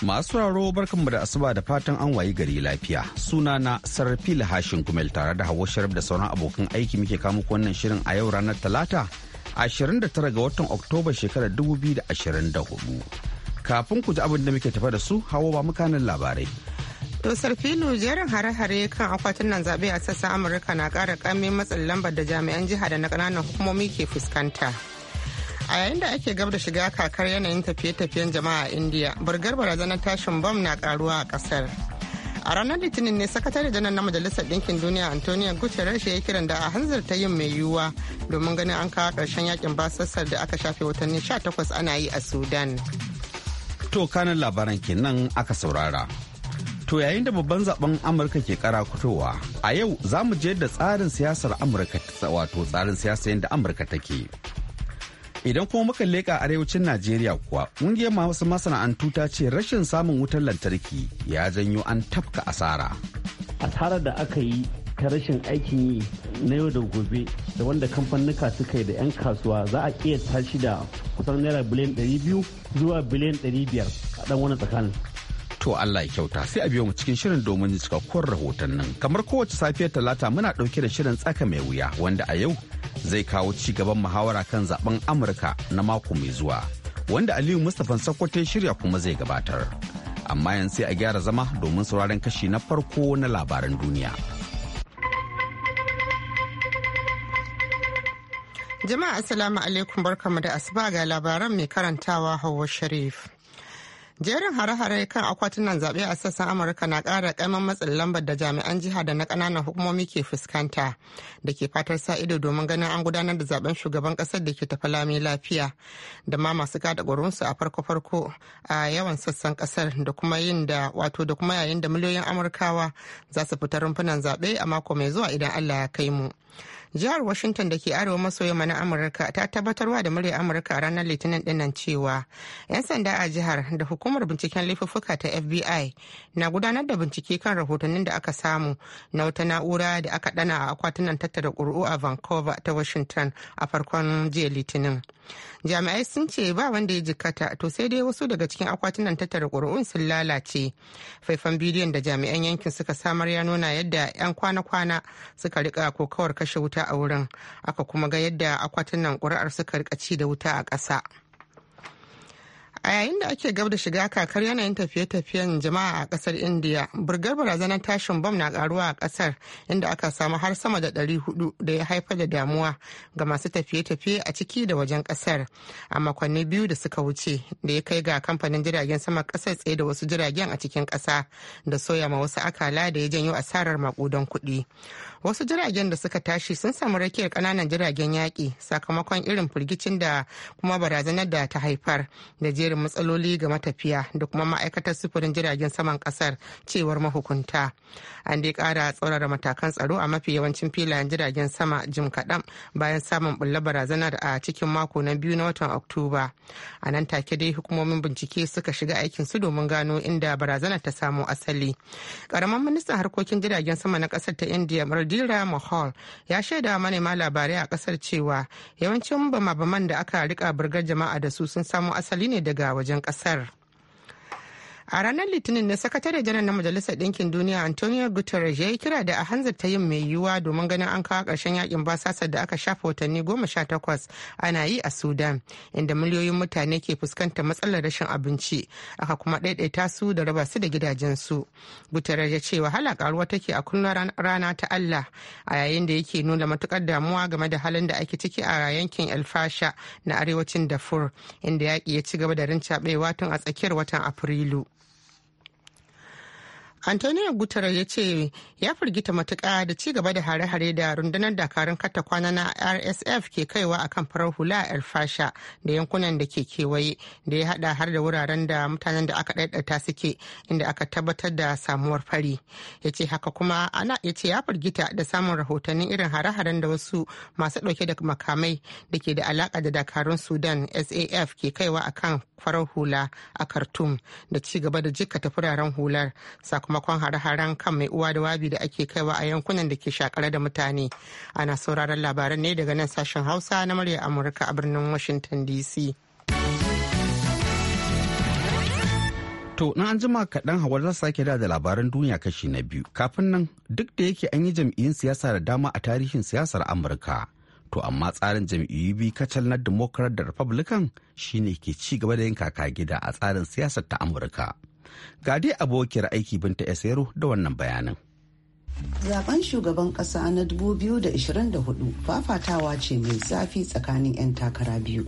Masu raro barkanmu da asuba da fatan an wayi gari lafiya. suna na Sarfil Hashin Kumel tare da Hawwa Sharif da sauran abokan aiki muke kamo wannan shirin a yau ranar Talata 29 ga watan Oktoba shekarar 2024. Kafin ku ji abin da muke tafa da su, hawa ba mukanin labarai. To Sarfilu jerin hare-hare kan akwatin nan zaɓe a sassan Amurka na ƙara ƙamin matsin lambar da jami'an jiha da na ƙananan hukumomi ke fuskanta. a yayin da ake gab da shiga kakar yanayin tafiye-tafiyen jama'a a indiya burgar barazanar tashin bam na karuwa a kasar a ranar litinin ne sakatare janar na majalisar ɗinkin duniya antonio guterres ya kiran da a hanzarta yin mai yiwuwa domin ganin an kawo ƙarshen yakin basassar da aka shafe watanni 18 ana yi a sudan to kanan labaran kenan aka saurara To yayin da babban zaben Amurka ke kutowa a yau za mu je da tsarin siyasar Amurka wato tsarin siyasa yadda Amurka take. Idan kuma muka leƙa arewacin Najeriya kuwa, ƙungiyar masu masana'antu ta ce rashin samun wutar lantarki ya janyo an tafka asara. Asarar da aka yi ta rashin aikin yi na yau da gobe da wanda kamfanuka suka yi da 'yan kasuwa za a ƙiyasta shi da kusan naira biliyan 200 zuwa biliyan 500 a ɗan wani tsakanin. To Allah ya kyauta sai a biyo mu cikin shirin domin cikakkun rahoton nan. Kamar kowace safiyar talata muna ɗauke da shirin tsaka mai wuya wanda a yau zai kawo ci gaban muhawara kan zaben amurka na mako mai zuwa wanda aliyu mustapha ya shirya kuma zai gabatar amma yanzu sai a gyara zama domin sauraron kashi na farko na labaran duniya jama'a assalamu alaikum barkamu da asuba ga labaran mai karantawa hawa sharif jerin hare-hare kan akwatunan zaɓe a sassan amurka na ƙara ƙaiman matsin lambar da jami'an jiha da na ƙananan hukumomi ke fuskanta da ke fatar sa ido domin ganin an gudanar da zaben shugaban ƙasar da ke tafi lami lafiya da ma masu gada ƙwarunsu a farko-farko a yawan sassan ƙasar da kuma yin da wato da kuma yayin da miliyoyin amurkawa za su fita rumfunan zaɓe a mako mai zuwa idan allah ya kai mu jihar washington da ke arewa maso yamma na amurka ta tabbatarwa da murya amurka a ranar litinin dinnan cewa 'yan sanda a jihar da hukumar binciken laifuffuka ta fbi na gudanar da bincike kan rahotannin da aka samu na wata na'ura da aka dana a akwatunan tattara ƙuri'u a vancouver ta washington a farkon jiya litinin jami'ai sun ce ba wanda ya jikkata to sai dai wasu daga cikin akwatunan tattara ƙuri'un sun lalace faifan bidiyon da jami'an yankin suka samar ya nuna yadda 'yan kwana-kwana suka rika kokawar kashe wuta a wurin aka kuma ga yadda akwatunan ƙuri'ar suka rika ci da wuta a ƙasa. a yayin da ake gab da shiga kakar yanayin tafiye-tafiyen jama'a a kasar india burgar barazanar tashin bom na karuwa a kasar inda aka samu har sama da 400 da ya haifar da damuwa ga masu tafiye-tafiye a ciki da wajen kasar a makonni biyu da suka wuce da ya kai ga kamfanin jiragen sama kasar tsaye da wasu jiragen a cikin kasa da soya ma wasu akala da ya janyo asarar makudan kuɗi wasu jiragen da suka tashi sun samu rakiyar kananan jiragen yaƙi sakamakon irin firgicin da kuma barazanar da ta haifar da jerin matsaloli ga matafiya da kuma ma'aikatar sufurin jiragen saman kasar cewar mahukunta an dai kara tsaurara matakan tsaro a mafi yawancin filayen jiragen sama jim kaɗan bayan samun bulla barazanar a cikin mako na biyu na watan oktoba a nan take dai hukumomin bincike suka shiga aikin su domin gano inda barazanar ta samo asali ƙaramin ministan harkokin jiragen sama na ƙasar ta indiya Ardira Mahal ya shaida manema labarai a kasar cewa yawancin bama-baman da aka rika burgar jama'a da su sun samo asali ne daga wajen kasar. a ranar litinin ne sakatare janar na majalisar ɗinkin duniya antonio guterres ya yi kira da a hanzarta yin mai yiwuwa domin ganin an kawo ƙarshen yakin basasar da aka shafa watanni goma sha takwas ana yi a sudan inda miliyoyin mutane ke fuskantar matsalar rashin abinci aka kuma ɗaiɗaita su da raba su da gidajensu guterres ya ce wahala karuwa take a kullum rana ta allah a yayin da yake nuna matukar damuwa game da halin da ake ciki a yankin elfasha na arewacin dafur inda yaƙi ya ci gaba da rincaɓewa tun a tsakiyar watan afrilu antonio guterres ya ce ya firgita matuƙa da ci gaba da hare-hare da rundunar dakarun kata kwana na rsf ke kaiwa akan farar hula a fasha da yankunan da ke kewaye da ya haɗa har da wuraren da mutanen da aka ɗaiɗata suke inda aka tabbatar da samuwar fari ya ce haka kuma ana ya ce ya firgita da samun rahotannin irin hare-haren da wasu masu ɗauke da makamai da ke da alaƙa da dakarun sudan saf ke kaiwa akan farar hula a khartoum da ci gaba da jikkata furaren hular sakamakon sakamakon hare-haren kan mai uwa da wabi da ake kaiwa a yankunan da ke shakara da mutane ana sauraron labaran ne daga nan sashen hausa na murya amurka a birnin washington dc To, na an jima kaɗan hawar za sake da labaran duniya kashi na biyu. Kafin nan, duk da yake an yi jam'iyyun siyasa da dama a tarihin siyasar Amurka. To, amma tsarin jam'iyyu biyu kacal na Democrat da Republican shine ke ci gaba da yin kaka gida a tsarin siyasar ta Amurka. Ga dai abokiyar aiki Binta Esero da wannan bayanin. Zaben shugaban ƙasa na 2024 fafatawa ce mai zafi tsakanin 'yan takara biyu.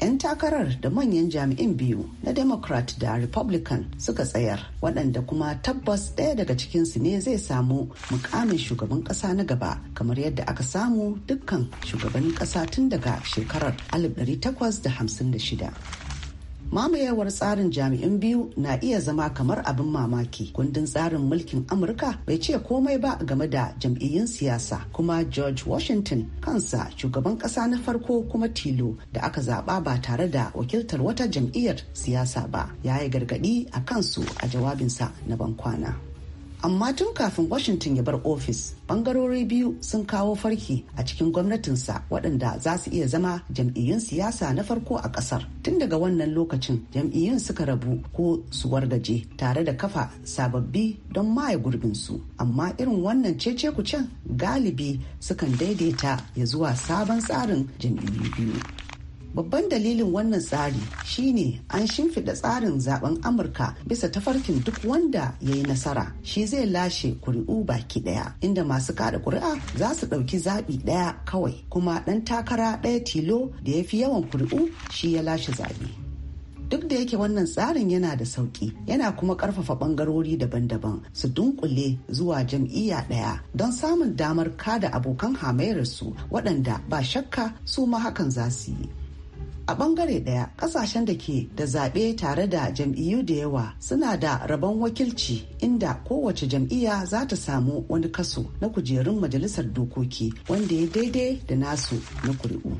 'yan takarar da manyan jami'in biyu na democrat da republican suka tsayar waɗanda kuma tabbas ɗaya daga cikinsu ne zai samu mukamin shugaban ƙasa na gaba kamar yadda aka samu dukkan shugaban ƙasa tun daga shekarar 1856 mamayewar tsarin jami'in biyu na iya zama kamar abin mamaki kundin tsarin mulkin amurka bai ce komai ba game da jam'iyyun siyasa kuma george washington kansa shugaban kasa na farko kuma tilo da aka zaba ba tare da wakiltar wata jam'iyyar siyasa ba ya yi gargadi a kansu a jawabinsa na bankwana amma tun kafin washington ya bar ofis bangarori biyu sun kawo farki a cikin gwamnatinsa waɗanda za su iya zama jam'iyyun siyasa na farko a ƙasar tun daga wannan lokacin jam'iyyun suka rabu ko su wargaje tare da kafa sababbi don maye gurbinsu amma irin wannan cece kucen galibi sukan daidaita ya zuwa sabon tsarin jam'iyyu biyu Babban dalilin wannan tsari shine an shimfiɗa tsarin zaben Amurka bisa tafarkin duk wanda ya yi nasara shi zai lashe kuri'u baki ɗaya inda masu kada kuri'a za su ɗauki zaɓi ɗaya kawai kuma ɗan takara ɗaya tilo da ya fi yawan kuri'u shi ya lashe zaɓe. duk da yake wannan tsarin yana da sauƙi yana kuma ƙarfafa ɓangarori daban-daban su dunkule zuwa jam'iyya ɗaya don samun damar kada abokan hamayyarsu waɗanda ba shakka su ma hakan za su yi a bangare daya kasashen da ke da zaɓe tare da jam'iyyu da yawa suna da rabon wakilci inda kowace jam'iyya za ta samu wani kaso na kujerun majalisar dokoki wanda ya daidai da nasu na kuri'u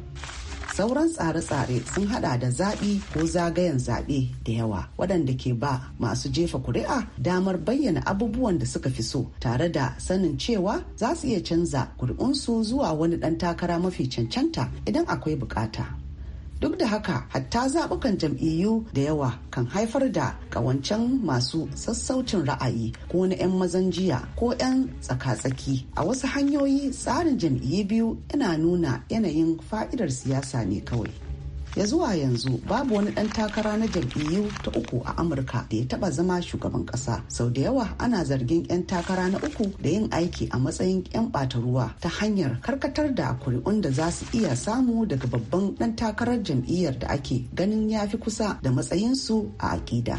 sauran tsare-tsare sun hada da zaɓi ko zagayen zaɓe da yawa waɗanda ke ba masu jefa kuri'a damar bayyana abubuwan da suka fi so tare da sanin cewa za su iya canza kuri'unsu zuwa wani ɗan takara mafi cancanta idan akwai bukata. duk da haka hatta zaɓukan jam'iyyu da yawa kan haifar da ƙawancen masu sassaucin ra'ayi ko na 'yan mazan jiya ko 'yan tsaka-tsaki a wasu hanyoyi tsarin jam'iyyu biyu yana nuna yanayin fa'idar siyasa ne kawai ya zuwa yanzu babu wani ɗan takara na jam'iyyu ta uku a amurka da ya taɓa zama shugaban ƙasa sau da yawa ana zargin 'yan takara na uku da yin aiki a matsayin 'yan ɓata ruwa ta hanyar karkatar da kuri'un da za su iya samu daga babban ɗan takarar jam'iyyar da ake ganin ya fi kusa da matsayinsu a aƙida.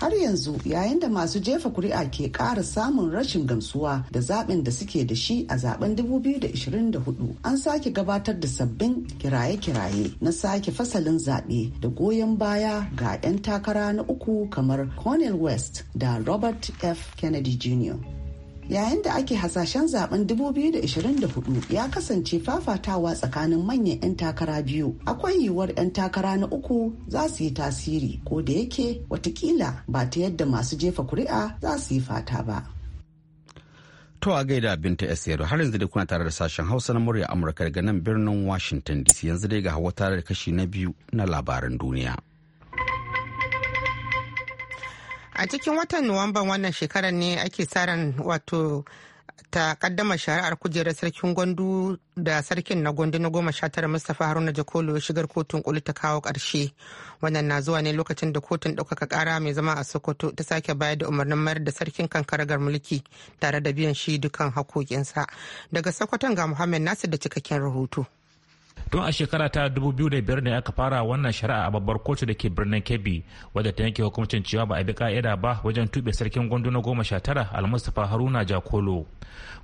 har yanzu yayin da masu jefa kuri'a ke ƙara samun rashin gamsuwa da zaɓin da suke da shi a zaben 2024 an sake gabatar da sabbin kiraye-kiraye na sake fasalin zaɓe da goyon baya ga 'yan takara na uku kamar Cornel West da Robert F. Kennedy Jr. yayin da ake hasashen zaben 2024 ya kasance fafatawa tsakanin manyan 'yan takara biyu akwai yiwuwar 'yan takara na uku za su yi tasiri ko da yake watakila ba ta yadda masu jefa kuri'a za su yi fata ba To a gaida binta Esiyar har yanzu dai kuna tare da sashen Hausa na murya Amurka daga nan birnin Washington DC yanzu dai ga hawa tare da kashi na biyu na labaran duniya. a cikin watan nuwamban wannan shekarar ne ake tsarin wato ta kaddama shari'ar kujerar sarkin gwandu da sarkin na gwandu na goma sha tara mustapha haruna jakolo ya shigar kotun koli ta kawo karshe wannan na zuwa ne lokacin da kotun ɗaukaka ƙara mai zama a sokoto ta sake bayar da umarnin mayar da sarkin kankaragar mulki tare da biyan shi dukan hakokinsa daga sokoton ga muhammad nasir da cikakken rahoto tun a shekara ta 2005 ne aka fara wannan shari'a a babbar kotu da ke birnin kebbi wadda ta yanke hukuncin cewa ba a bi ka'ida ba wajen tuɓe sarkin gwandu na goma sha tara almustapha haruna jakolo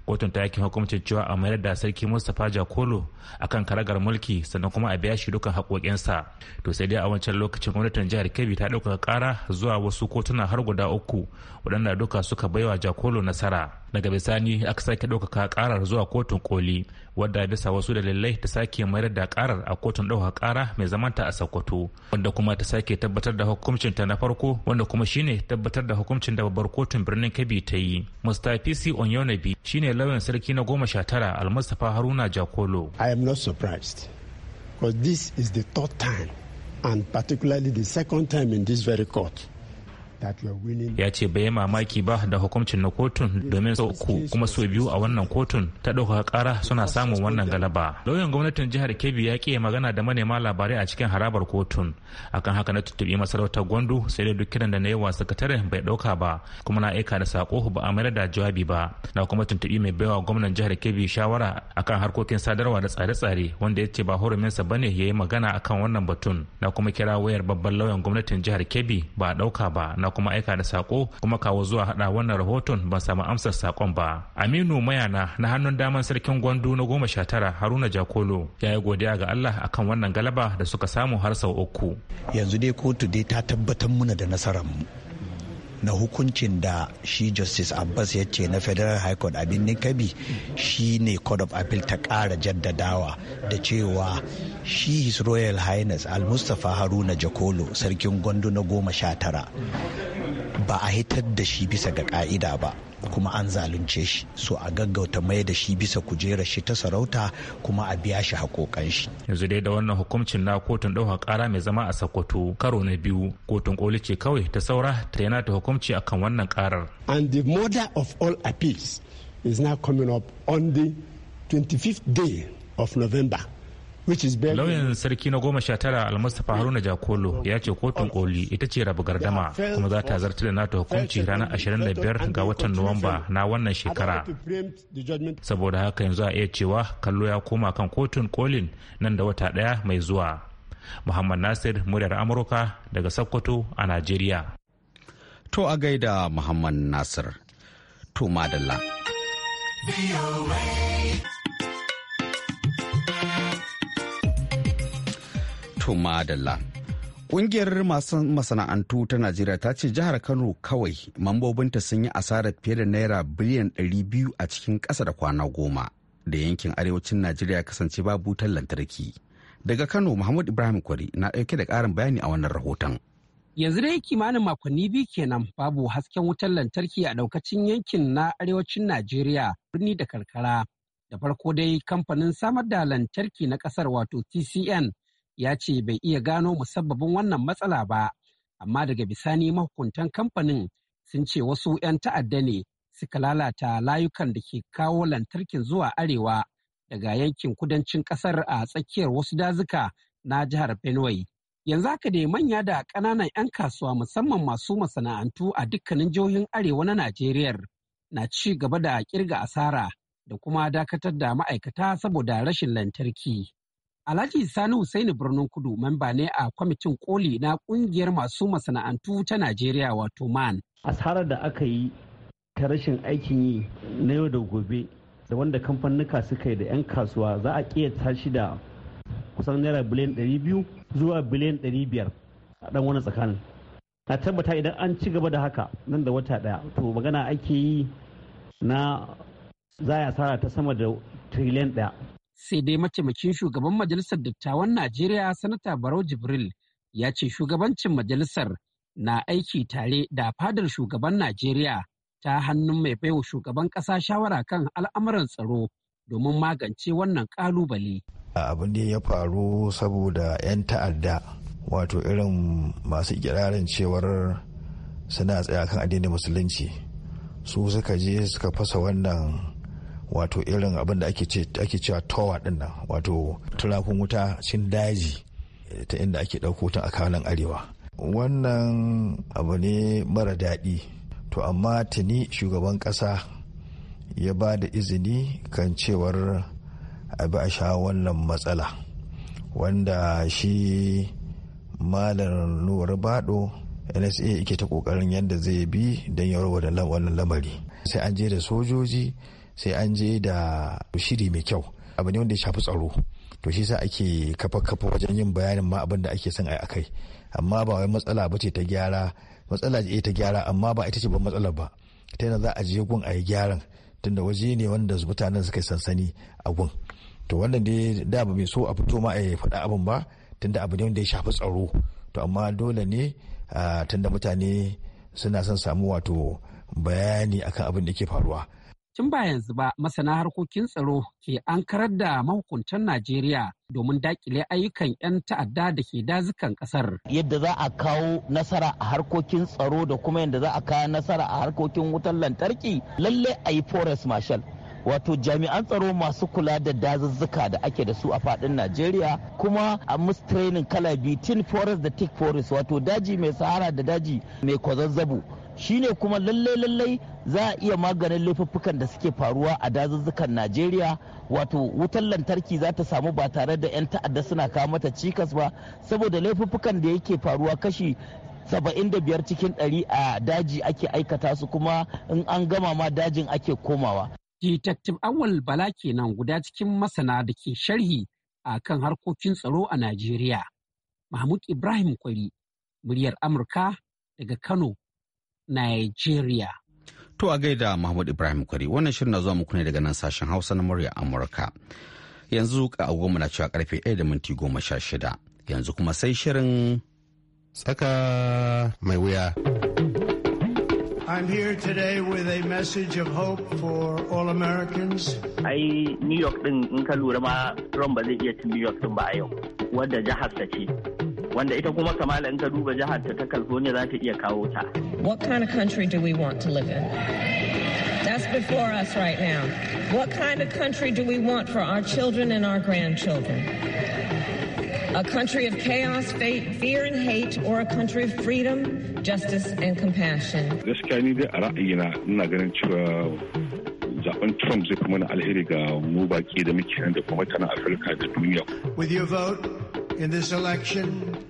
kotun ta yakin hukumcin cewa a mayar da sarki mustapha jakolo akan karagar mulki sannan kuma a biya shi dukan haƙoƙinsa to sai dai a wancan lokacin gwamnatin jihar kebbi ta ɗaukaka ƙara zuwa wasu kotuna har guda uku waɗanda duka suka baiwa jakolo nasara daga bisani aka sake ɗaukaka ƙarar zuwa kotun koli wadda bisa wasu dalilai ta sake mayar da ƙarar a kotun ɗaukaka ƙara mai zamanta a sokoto wanda kuma ta sake tabbatar da hukuncin ta na farko wanda kuma shine tabbatar da hukuncin da babbar kotun birnin kebbi ta yi mustapha onyonabi shine lauyan sarki na goma sha tara almustapha haruna jakolo i am not surprised because this is the third time and particularly the second time in this very court ya ce bai mamaki ba da hukuncin na kotun domin sau uku kuma sau biyu a wannan kotun ta ɗaukaka ƙara suna samun wannan galaba lauyan gwamnatin jihar kebbi ya ƙi magana da manema labarai a cikin harabar kotun akan haka na tuttuɓi masarautar gwandu sai da duk kiran da na yi wa sakataren bai ɗauka ba kuma na aika da sako ba a mayar da jawabi ba na kuma tuntuɓi mai baiwa gwamnan jihar kebbi shawara akan harkokin sadarwa da tsare-tsare wanda ya ce ba horuminsa ba ne ya yi magana akan wannan batun na kuma kira wayar babban lauyan gwamnatin jihar kebbi ba a ɗauka ba na kuma aika da sako kuma kawo zuwa hada wannan rahoton ban samu amsar sakon ba aminu mayana na hannun daman sarkin gwandu na goma sha tara haruna jakolo ya yi godiya ga allah akan wannan galaba da suka samu har sau uku yanzu dai kotu dai ta tabbatar muna da nasarar mu na hukuncin da shi justice abbas ya ce na federal high court abin nikabi shi ne court of appeal ta kara jaddadawa da cewa shi his royal highness al-mustapha haruna jakolo sarkin gwandu na goma sha tara ba a hitar da shi bisa ga ka'ida ba kuma an zalunce shi so a gaggauta mai da shi bisa kujera shi ta sarauta kuma a biya shi hakokan shi yanzu dai da wannan hukumcin na kotun ɗauka kara mai zama a sakwato karo na biyu kotun koli ce kawai ta saura ta yana ta hukunci kan wannan karar and the murder of all appeals is now coming up on the 25th day of november lauyan sarki na goma sha tara almustapha haruna jakolo ya ce kotun koli ita ce rabu gardama kuma za ta zarta da nata hukunci ranar 25 ga watan nuwamba na wannan shekara saboda haka yanzu a iya cewa kallo ya koma kan kotun kolin nan da wata daya mai zuwa muhammad nasir muryar amurka daga sokoto a najeriya to a gaida muhammad nasir to madalla to madalla. Ƙungiyar masu masana'antu ta Najeriya ta ce jihar Kano kawai mambobinta sun yi asarar fiye da naira biliyan 200 a cikin ƙasa da kwana goma da yankin arewacin Najeriya kasance babu wutar lantarki. Daga Kano Muhammad Ibrahim Kwari na ɗauke da ƙarin bayani a wannan rahoton. yanzu dai kimanin makonni biyu kenan babu hasken wutar lantarki a ɗaukacin yankin na arewacin najeriya birni da karkara da farko dai kamfanin samar da lantarki na ƙasar wato tcn ya ce bai iya gano musabbabin wannan matsala ba amma daga bisani mahukuntan kamfanin sun ce wasu 'yan ta'adda ne suka lalata layukan da ke kawo lantarkin zuwa arewa daga yankin kudancin kasar a tsakiyar wasu dazuka na jihar benue yanzu haka dai manya da ƙananan 'yan kasuwa musamman masu masana'antu a dukkanin jihohin arewa na najeriya na ci gaba da kirga asara da kuma dakatar da ma'aikata saboda rashin lantarki Alhaji Sani Hussaini Birnin Kudu memba ne a kwamitin koli na kungiyar masu masana'antu ta Najeriya wato MAN. Asarar da aka yi ta rashin aikin yi na yau da gobe da wanda kamfanuka suka yi da 'yan kasuwa za a ƙiyata shi da kusan naira biliyan 200 zuwa biliyan 500 a ɗan wani tsakanin. Na tabbata idan an ci gaba da haka nan da wata ɗaya to magana ake yi na za a asara ta sama da triliyan ɗaya. sai dai mataimakin shugaban majalisar dattawan najeriya sanata barau jibril ya ce shugabancin majalisar na aiki tare da fadar shugaban najeriya ta hannun mai baiwa shugaban ƙasa shawara kan al'amuran tsaro domin magance wannan ƙalubale. abin da ya faru saboda 'yan ta'adda wato irin masu kirarin cewar suna tsaya kan addinin musulunci su suka je suka fasa wannan wato irin abin da ake cewa towa din nan wato turakun wuta cin daji eh, ta inda ake ɗauko ta a kanan arewa wannan abu ne mara daɗi to amma tuni shugaban ƙasa ya ba da izini kan cewar abi a sha wannan matsala wanda shi malam nuwar bado nsa yake ta kokarin yadda zai bi don ya da wannan lamari sai an je da sojoji sai an je da shiri mai kyau abu ne wanda ya shafi tsaro to shi sa ake kafa kafa wajen yin bayanin ma abin da ake son a akai amma ba wai matsala ba ce ta gyara matsala ce ta gyara amma ba ita ce ba matsala ba ta yana za a je gun a yi gyaran tunda waje ne wanda mutanen suka sansani a gun to wannan dai da ba mai so a fito ma a faɗa abin ba tunda abu ne wanda ya shafi tsaro to amma dole ne ah, tunda mutane suna son samu wato bayani akan abin da ke faruwa tun ba yanzu ba masana harkokin tsaro ke ankarar da mahukuntan Najeriya domin dakile ayyukan 'yan ta'adda da ke dazukan kasar. Yadda za a kawo nasara a harkokin tsaro da kuma yadda za a kawo nasara a harkokin wutar lantarki lalle a yi forest marshal. Wato jami'an tsaro masu kula da dazuzzuka da ake da su a fadin Najeriya kuma a musu training kala biyu tin forest da tick forest wato daji mai sahara da daji mai kwazazzabu. shine kuma lallai lallai za a iya maganin laifuffukan da suke faruwa a dazuzzukan najeriya wato wutar lantarki za ta samu ba tare da 'yan ta'adda suna kawo mata cikas ba saboda laifuffukan da yake faruwa kashi 75 cikin ɗari a daji ake aikata su kuma in an gama ma dajin ake komawa. Detective Awal Bala kenan guda cikin masana da ke sharhi a kan harkokin tsaro a Najeriya. Mahmud Ibrahim Kwari, muryar Amurka daga Kano, Nigeria. To a gaida Mahmud Ibrahim Kwari wannan shirin na zuwa muku ne daga nan sashen Hausa na murya Amurka. Yanzu ka agogo na cewa karfe 1 da minti goma sha shida. Yanzu kuma sai shirin tsaka mai wuya. I'm here today with a message of hope for all Americans. Ai New York din in ka lura ma Trump ba zai iya cin New York din ba a yau. Wadda jihar ce. wanda ita kuma kamala in ka duba jihar ta ta California za ta iya kawo ta. What kind of country do we want to live in? That's before us right now. What kind of country do we want for our children and our grandchildren? A country of chaos, fate, fear, and hate, or a country of freedom, justice, and compassion. Gaskiya ni dai a ra'ayina ina ganin cewa zaben Trump zai fi mana alheri ga mu baki da muke da kuma tana Afirka da duniya. With your vote in this election,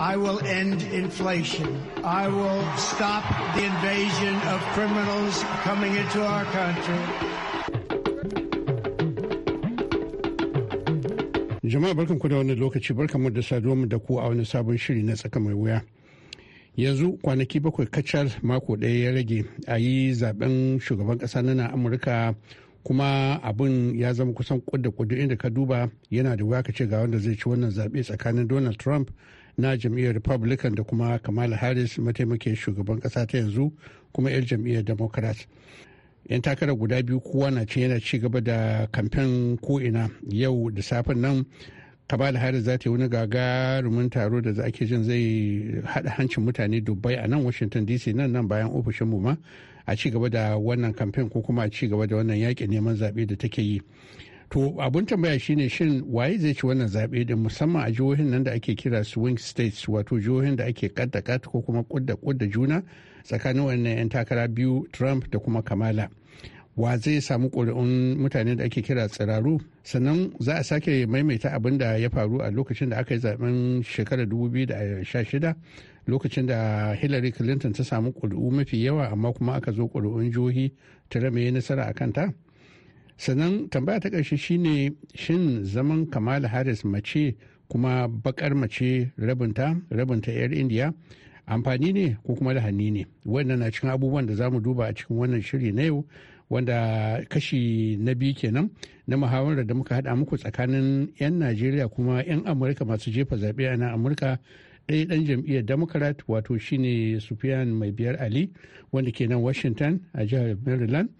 I will end inflation. I will stop the invasion of criminals coming into our country. Jama'a barkanku da wani lokaci barkanmu da saduwa da ku a wani sabon shiri na tsaka mai wuya. Yanzu kwanaki bakwai kacal mako ɗaya ya rage a yi zaben shugaban ƙasa na Amurka kuma abin ya zama kusan kudda kudu inda ka duba yana da wuya ka ce ga wanda zai ci wannan zaɓe tsakanin Donald Trump na jam'iyyar republican da kuma kamala harris mataimakin shugaban kasa ta yanzu kuma 'yar jam'iyyar democrat yan takarar guda biyu kowa na cin yana ci gaba da kamfen ko'ina yau da safen nan kamala harris za ta yi wani gagarumin taro da za ake jin zai haɗa hancin mutane dubbai a nan washington dc nan nan bayan ofishin mu ma a ci gaba da wannan kamfen ko kuma a ci gaba da wannan yakin neman zaɓe da take yi to abun tambaya shine shin waye zai ci wannan zaɓe din musamman a jihohin nan da ake kira swing states wato jihohin da ake kadda kat ko kuma kudda kudda juna tsakanin wannan 'yan takara biyu trump da kuma kamala wa zai samu ƙuri'un mutane da ake kira tsiraru sannan za a sake maimaita abin da ya faru a lokacin da aka yi zaben shekarar 2016 lokacin da hillary clinton ta samu ƙuri'u mafi yawa amma kuma aka zo ƙuri'un jihohi ta rame nasara a kanta. sannan tambaya ta ƙarshe shine shin zaman kamal haris mace kuma bakar mace rabinta rabinta yar indiya amfani ne ko kuma lahani ne wannan na cikin abubuwan da za mu duba a cikin wannan shiri na yau wanda kashi na biyu kenan na muhawarar da muka hada muku tsakanin 'yan najeriya kuma 'yan amurka masu jefa zaɓe a nan amurka ɗaya ɗan jam'iyyar democrat wato shine sufiyan mai biyar ali wanda ke nan washington a jihar maryland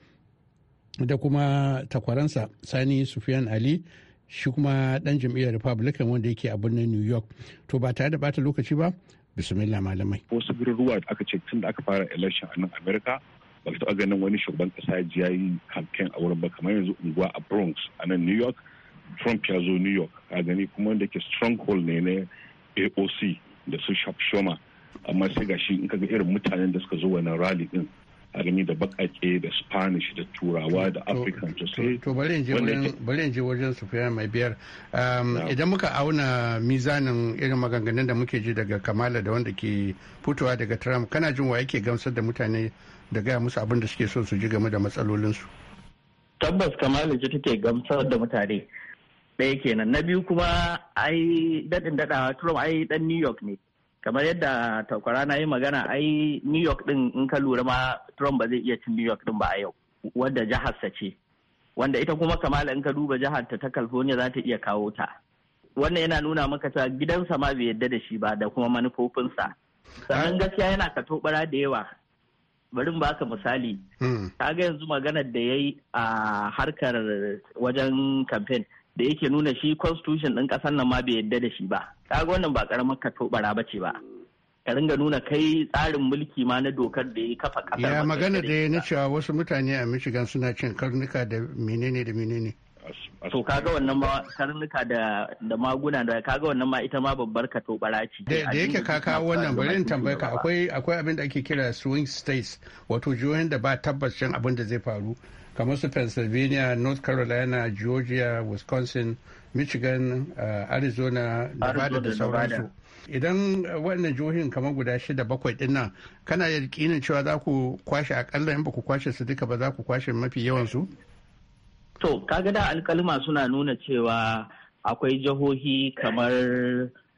da kuma takwaransa sani sufyan ali shi kuma dan jam'iyyar republican wanda yake a birnin new york to ba tare da bata lokaci ba bismillah malamai wasu garuruwa da aka ce tun da aka fara election a nan america ba ta taɓa ganin wani shugaban kasa ya yi campaign a wurin ba kamar yanzu unguwa a bronx a nan new york trump ya zo new york a gani kuma wanda ke stronghold ne na aoc da su shop shoma amma sai gashi in in kaga irin mutanen da suka zo wannan rally din game da bakake da spanish da turawa da african sai to bari in je wajen fiya mai biyar um, idan muka auna mizanin irin maganganun da muke ji daga kamala da wanda ke fitowa daga tram kana jin wa yake gamsar da mutane da gaya musu abin da suke so su ji game da matsalolinsu tabbas kamala ji take gamsar da mutane ɗaya kenan na biyu kuma ai daɗin daɗawa trump ai dan new york ne kamar yadda takwara na yi magana ai new york din in ka lura ma trump ba zai iya cin new york din ba a yau wadda jiharsa ce wanda ita kuma kamala in ka duba jihar ta ta california za ta iya kawo ta wannan yana nuna maka ta gidansa ma bai yadda da shi ba da kuma manufofinsa sannan gaskiya yana tobara da yawa bari hmm. ka misali ga yanzu maganar da ya yi a harkar wajen kamfen da yake nuna shi constitution ɗin ƙasar nan ma bai yadda da shi ba kaga wannan ba karamar ka ba ce ba ka ringa nuna kai tsarin mulki ma na dokar da ya kafa ƙasar ya magana da ya na cewa wasu mutane a Michigan suna cin karnuka da menene da menene to kaga wannan ma karnuka da da maguna da kaga wannan ma ita ma babbar ka ce da yake ka kawo wannan bari in tambaye ka akwai akwai abin da ake kira swing states wato jihohin da ba tabbacin abin da zai faru kamar su pennsylvania north carolina georgia wisconsin michigan uh, arizona nevada da sauransu idan uh, waɗannan jihohin kamar guda shida bakwai dinnan nan kana yakinin cewa za ku kwashe akalla in ba ku kwashe su duka ba za ku kwashe mafi yawan su to kaga da alkalma suna nuna cewa akwai jihohi kamar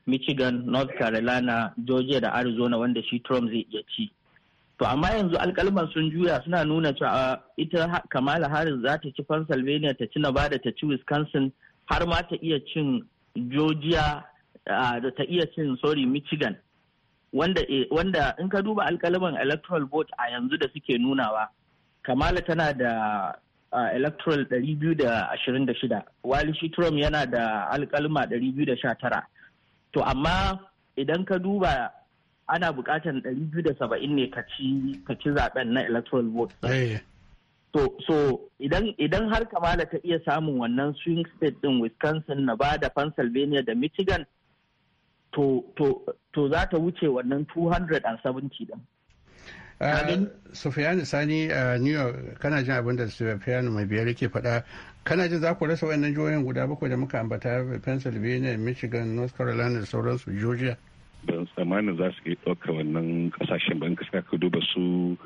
michigan north carolina georgia da arizona wanda shi trump zai iya ci To amma yanzu alkalman sun juya suna nuna cewa ita Kamala Harris za ta ci Pennsylvania ta ci Nevada ta ci Wisconsin har ma ta iya cin Georgia da ta iya cin sorry Michigan. Wanda, eh, in ka duba alkalman electoral vote a yanzu da suke nunawa, Kamala tana da uh, electoral 226, wali shi Trump yana da alkalma 219. To amma idan ka duba ana buƙatar 270 ne ka ci ka ci zaben na electoral vote eh. So, so idan idan har kamala ta iya samun wannan swing state din Wisconsin Nevada Pennsylvania da Michigan to to to za ta wuce wannan 270 din Uh, Sani a uh, New York kana jin abin da Sufiyani mai biyar yake faɗa kana jin za ku rasa wayannan jihohin guda bakwai da muka ambata Pennsylvania, Michigan, North Carolina da sauransu Georgia. ban tsamanin za su iya ɗauka wannan ƙasashen ban in ka duba su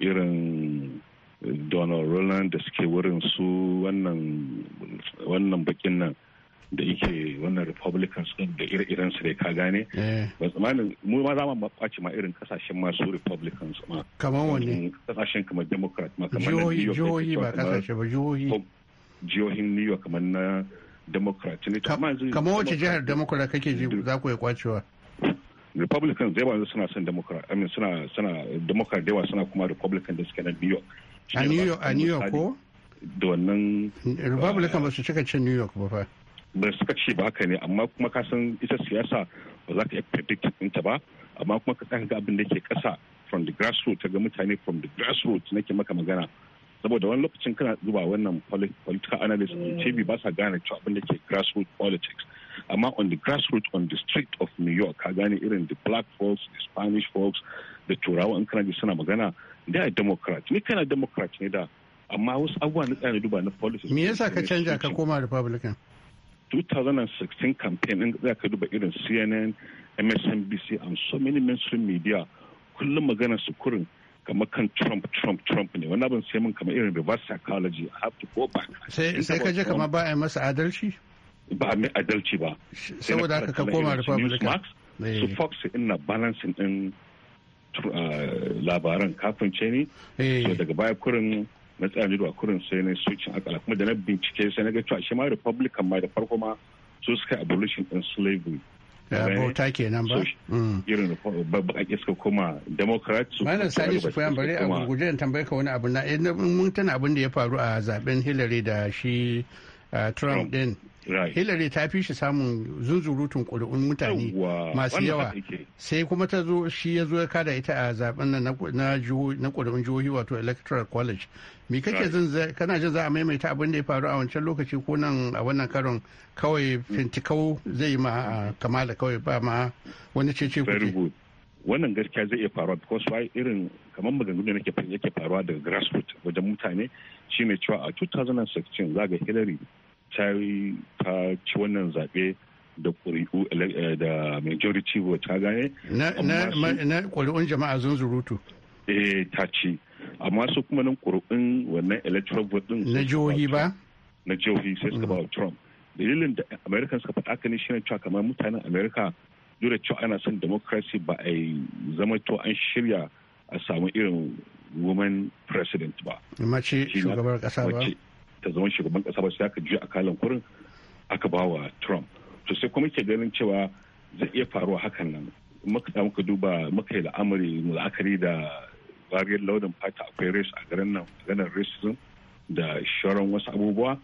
irin eh, donald roland da suke wurin su wannan bakin nan da yake wannan republicans da ire-iren su da ka gane eh. ba tsamanin mu ma za mu kwace ma irin kasashen masu republicans ma kamar wani kasashen kamar democrat ma kamar jihohi jihohi ba kasashe ba jihohi jihohin new york kamar na democrat ne kamar wace jihar democrat kake ji za ku yi kwacewa republicans da yawa suna son democrat i mean suna suna democrat da yawa suna kuma republican da suke na new york a new york a new york ko da wannan republican eh, ba su cika cin new york ba fa ba suka ce ba haka ne amma kuma ka san ita siyasa ba za ka yi predict ɗinta ba amma kuma ka ga abin da ke ƙasa from the grassroots ga mutane from the grassroots nake maka magana saboda wani lokacin kana zuba wannan political analyst TV mm. ba sa gane cewa abin da ke grassroots politics amma on the grassroots on the street of new york ka gane irin the black folks the spanish folks da turawa in kana ji suna magana da a democrat ni kana democrat ne da amma wasu abubuwa na tsaye duba na policy me yasa ka canja ka koma republican 2016 campaign in za ka duba irin cnn msnbc and so many mainstream media kullum magana su kurin kamar kan Trump Trump Trump ne wani abin sai mun kamar irin reverse psychology I have to go back sai ka je kamar ba a masa adalci ba a adalci ba saboda haka ka koma republican eh. su fox ina balancing din ah, labaran kafin ce ne eh. so daga baya kurin na tsarin a kurin sai na switching akala kuma da na bincike sai na ga cewa shi ma republican ma da farko ma su suka abolition din slavery bauta kenan ba mm. irin baƙaƙe suka koma democrat su malam sani su fayan bare a guje tambaye ka wani abu na eh, mun tana abin da ya faru a zaben hillary da shi Uh, trump din hillary ta fi shi samun zunzurutun ƙuri'un mutane masu yawa sai kuma ta zo shi ya zo ya kada ita a zaben na ƙuri'un jihohi wato electoral college me kake jin kana jin za a maimaita abin da ya faru a wancan lokaci ko nan a wannan karon kawai fintikau zai ma kamala kawai ba ma wani cece kuke wannan gaskiya zai iya faruwa because why irin kamar maganganu nake yake faruwa daga grassroots wajen mutane shine cewa a 2016 zaga Hillary ta ta ci wannan zaɓe da ƙuri'u eh, da majority vote ta gane na ƙuri'un jama'a zunzurutu eh ta ci amma su kuma nan ƙuri'un wannan electoral vote din na jihohi ba na jihohi sai suka ba mm. Trump dalilin da american suka faɗa ka ne shine cewa kamar mutanen america duk da cewa ana son democracy ba a yi zama to an shirya a samu irin woman president ba. Mace shugaban kasa ba. ta zama shugaban kasa ba sai aka juya a akalan kurin aka ba wa Trump. To sai kuma ke ganin cewa zai iya faruwa hakan nan. Muka muka duba muka yi la'amari la'akari da wariyar laudan fata akwai race a garin nan ganin racism da sharon wasu abubuwa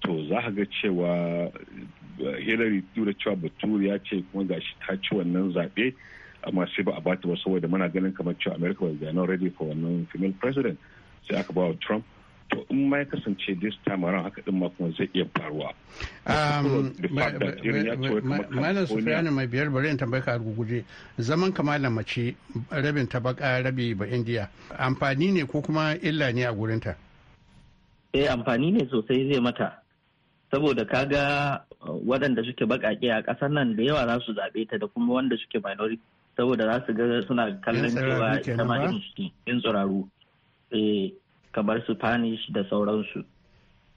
to za ga cewa hillary duk cewa baturi ya ce kuma gashi ta ci wannan zaɓe amma sai ba a bata ba saboda muna ganin kamar cewa america was not ready for wannan female president sai aka ba trump to in ma ya kasance this time around haka din ma kuma zai iya faruwa. Um, malam Sufiyanu mai biyar bari in tambaye ka a guguje zaman kamala mace rabin ta baka rabi ba indiya amfani ne ko kuma illa ne a gurinta? Eh amfani ne sosai zai mata saboda kaga waɗanda suke baƙaƙe a ƙasar nan da yawa za su zaɓe ta da kuma wanda suke minority saboda za su ga suna kallon cewa ita ma irin suke yin eh, kamar su Spanish da sauransu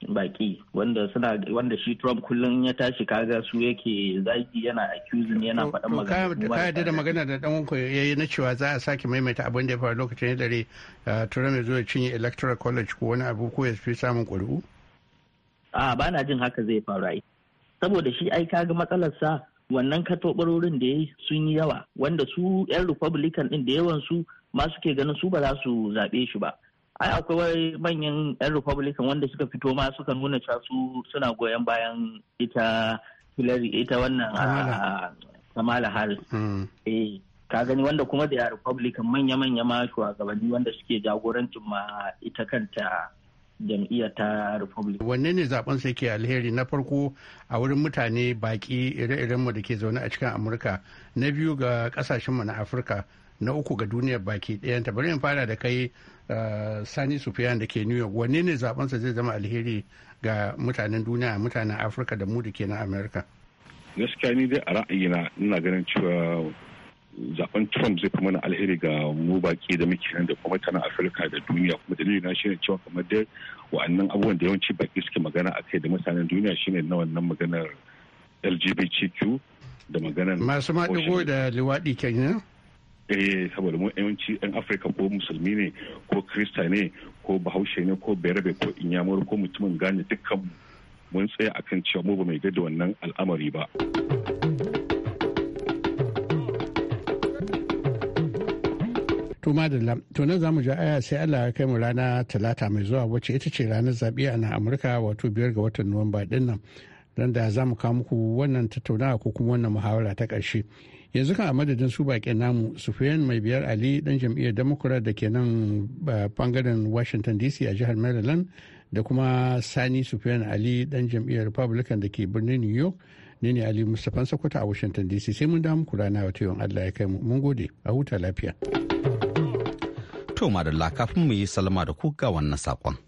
baƙi wanda suna wanda shi Trump kullum ya tashi kaga su yake zagi yana accusing yana faɗan magana. Ka yarda da magana da dan ya yayi na cewa za a sake maimaita abin da ya faru lokacin dare uh, Trump ya zo ya cinye electoral college ko wani abu ko ya fi samun ƙuri'u? A ah, ba na jin haka zai faru ai. saboda shi ai kaga matsalarsa wannan katobarorin da ya sun yi yawa wanda su 'yan republican din da yawan su ma suke ganin su ba za su zaɓe shi ba ai akwai manyan 'yan republican wanda suka fito ma suka nuna cewa su suna goyon bayan ita hillary ita wannan ah, kamala harris mm. eh, ka gani wanda kuma da republican manya-manya ma shugabanni wanda suke jagorancin ma ita kanta jam'iyyar ta republic wanne ne zaben ke alheri na farko a wurin mutane baki ire-iren mu da ke zaune a cikin amurka na biyu ga ƙasashen mu na afirka na uku ga duniyar baki ɗayanta bari in fara da kai eh, sani sufiyan da ke new york wanne ne zabensa zai zama alheri ga mutanen duniya mutanen afirka da mu da ke na amurka gaskiya ni dai a ra'ayina ina ganin cewa zaben trump zai fi mana alheri ga mu baki da muke nan da kuma tana afirka da duniya kuma dalilin na shine cewa kamar da wa'annan abubuwan da yawanci baki suke magana a kai da mutanen duniya shine na wannan maganar lgbtq da maganar masu maɗigo da liwaɗi kenan eh saboda mu yawanci yan afirka ko musulmi ne ko krista ne ko bahaushe ne ko berabe ko inyamur ko mutumin gane dukkan mun tsaya akan cewa mu ba mai da wannan al'amari ba. To madalla, to nan za mu ja aya sai Allah ya kai mu rana talata mai zuwa wacce ita ce ranar zaɓe a nan Amurka wato biyar ga watan Nuwamba din nan. Don da za mu kawo muku wannan tattaunawa ko kuma wannan muhawara ta ƙarshe. Yanzu kan a madadin su baƙin namu Sufiyan mai biyar Ali ɗan jam'iyyar Democrat da ke nan bangaren Washington DC a jihar Maryland da kuma Sani Sufiyan Ali ɗan jam'iyyar Republican da ke birnin New York. ne ne Ali Mustapha Sokoto a Washington DC sai mun da muku rana wata yawan Allah ya kai mu. Mun gode a huta lafiya. To madalla kafin mu yi salama da kuka ga wannan saƙon.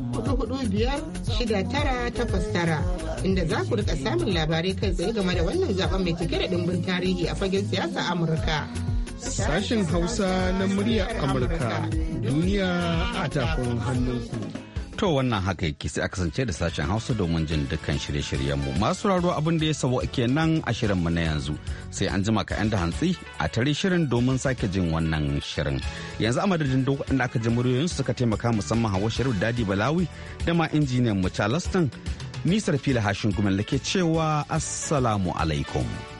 tara inda za ku rika samun labarai kai tsaye game da wannan zaben mai cike da dimbin tarihi a fagen siyasa Amurka. Sashen Hausa na muryar Amurka duniya a tafin hannunku. To wannan haka yake sai a kasance da sashen Hausa domin jin dukkan shirye-shiryenmu. Masu raro abin da ya sabo nan a shirinmu na yanzu sai an jima ka yan da hantsi a tare shirin domin sake jin wannan shirin. Yanzu a madadin duk wanda aka ji muryoyin suka taimaka musamman hawa shirin Dadi Balawi da ma injiniyan mu Charleston. Nisar fila hashin da lake cewa Assalamu alaikum.